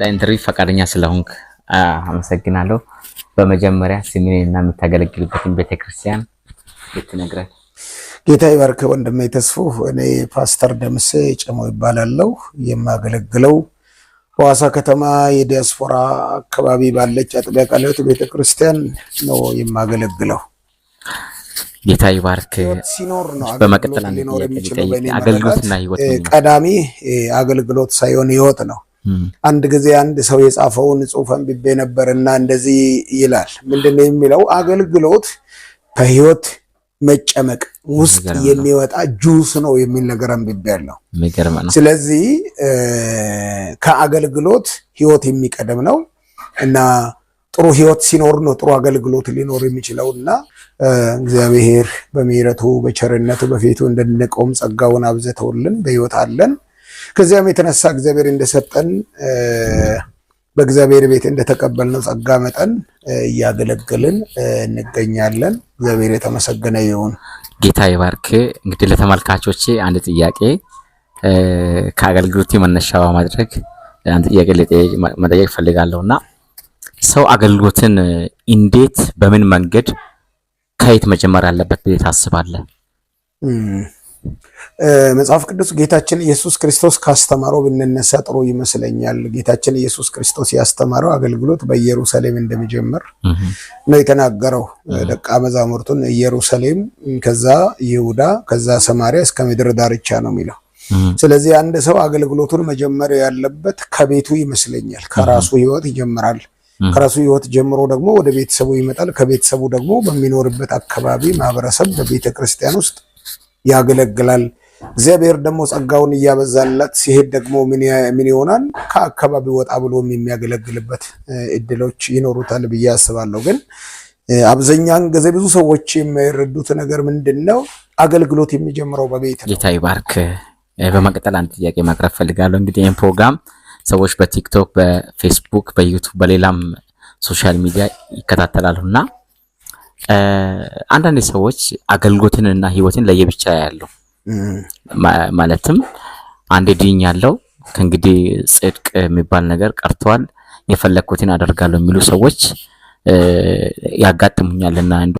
ለኢንተርቪው ፈቃደኛ ስለሆንክ አመሰግናለሁ። በመጀመሪያ ስሜን እና የምታገለግልበትን ቤተክርስቲያን ልትነግረን። ጌታ ይባርክ ወንድሜ ተስፉ። እኔ ፓስተር ደምሴ ጨሞ ይባላለሁ። የማገለግለው በሐዋሳ ከተማ የዲያስፖራ አካባቢ ባለች አጥቢያ ቃለ ሕይወት ቤተክርስቲያን ነው የማገለግለው። ጌታ ይባርክ። ሲኖር ነው በመቀጠል አንድ አገልግሎትና ቀዳሚ አገልግሎት ሳይሆን ህይወት ነው። አንድ ጊዜ አንድ ሰው የጻፈውን ጽሑፍ አንብቤ ነበርና እንደዚህ ይላል። ምንድን ነው የሚለው? አገልግሎት ከህይወት መጨመቅ ውስጥ የሚወጣ ጁስ ነው የሚል ነገር አንብቤ ያለው። ስለዚህ ከአገልግሎት ህይወት የሚቀደም ነው እና ጥሩ ህይወት ሲኖር ነው ጥሩ አገልግሎት ሊኖር የሚችለው እና እግዚአብሔር በምሕረቱ በቸርነቱ በፊቱ እንድንቆም ጸጋውን አብዝተውልን በህይወት አለን ከዚያም የተነሳ እግዚአብሔር እንደሰጠን በእግዚአብሔር ቤት እንደተቀበልነው ጸጋ መጠን እያገለገልን እንገኛለን። እግዚአብሔር የተመሰገነ ይሁን። ጌታ ይባርክ። እንግዲህ ለተመልካቾቼ አንድ ጥያቄ ከአገልግሎቱ መነሻ ማድረግ አንድ ጥያቄ መጠየቅ እፈልጋለሁ እና ሰው አገልግሎትን እንዴት በምን መንገድ ከየት መጀመር አለበት ብዬ ታስባለህ? መጽሐፍ ቅዱስ ጌታችን ኢየሱስ ክርስቶስ ካስተማረው ብንነሳ ጥሩ ይመስለኛል። ጌታችን ኢየሱስ ክርስቶስ ያስተማረው አገልግሎት በኢየሩሳሌም እንደሚጀምር ነው የተናገረው። ደቀ መዛሙርቱን ኢየሩሳሌም፣ ከዛ ይሁዳ፣ ከዛ ሰማሪያ እስከ ምድር ዳርቻ ነው የሚለው። ስለዚህ አንድ ሰው አገልግሎቱን መጀመር ያለበት ከቤቱ ይመስለኛል። ከራሱ ህይወት ይጀምራል። ከራሱ ህይወት ጀምሮ ደግሞ ወደ ቤተሰቡ ይመጣል። ከቤተሰቡ ደግሞ በሚኖርበት አካባቢ ማህበረሰብ፣ በቤተ ክርስቲያን ውስጥ ያገለግላል። እግዚአብሔር ደግሞ ጸጋውን እያበዛላት ሲሄድ ደግሞ ምን ይሆናል? ከአካባቢ ወጣ ብሎም የሚያገለግልበት እድሎች ይኖሩታል ብዬ አስባለሁ። ግን አብዛኛውን ጊዜ ብዙ ሰዎች የማይረዱት ነገር ምንድን ነው? አገልግሎት የሚጀምረው በቤት ጌታ ይባርክ። በመቀጠል አንድ ጥያቄ ማቅረብ ፈልጋለሁ። እንግዲህ ይህን ፕሮግራም ሰዎች በቲክቶክ፣ በፌስቡክ፣ በዩቱብ በሌላም ሶሻል ሚዲያ ይከታተላሉና አንዳንድ ሰዎች አገልግሎትን እና ህይወትን ለየብቻ ያለው ማለትም አንድ ድኝ ያለው ከእንግዲህ ጽድቅ የሚባል ነገር ቀርተዋል፣ የፈለግኩትን አደርጋለሁ የሚሉ ሰዎች ያጋጥሙኛልና